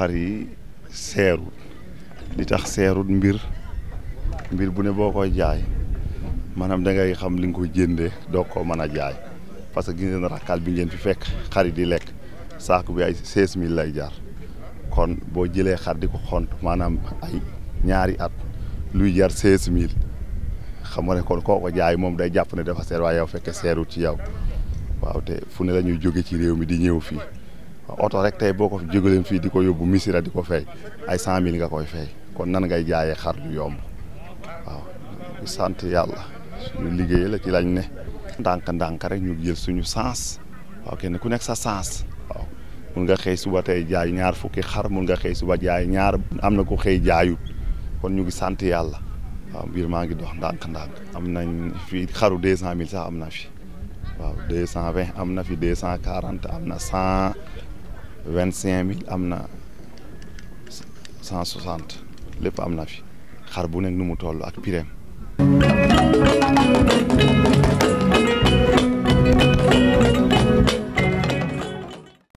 xar yi seerul li tax seerul mbir mbir bu ne boo ko jaay maanaam da ngay xam li nga ko jënde doo ko mën a jaay parce que gis ngeen rakkaal bi ngeen fi fekk xar di lekk saako bi ay seize mil lay jaar kon boo jëlee xar di ko xont maanaam ay ñaari at luy jar seize mille xam nga ne kon koo ko jaay moom day jàpp ne dafa seer waaye yow fekke seerut ci yaw waaw te fu ne la jóge ci réew mi di ñëw fii oto rek tey boo ko fi fii di ko yóbbu misira di ko fay ay cent mille nga koy fay kon nan ngay jaayee xar du yomb waaw yàlla liggéey la ci lañ ne ndànk-ndànk rek ñu jël suñu sens waaw ku nekk sa sens waaw nga xëy suba tey jaay ñaar fukki xar mun nga xëy suba jaay ñaar am na ko xëy jaayut kon ñu ngi sant yàlla waaw mbir maa ngi dox ndànk-ndànk am na fi xaru deux cent mille sax am na fi waaw am na fi deux cent quarante am na cent vingt cinq mille am na cent soixante lépp am na fi xar bu nekk nu mu toll ak pireem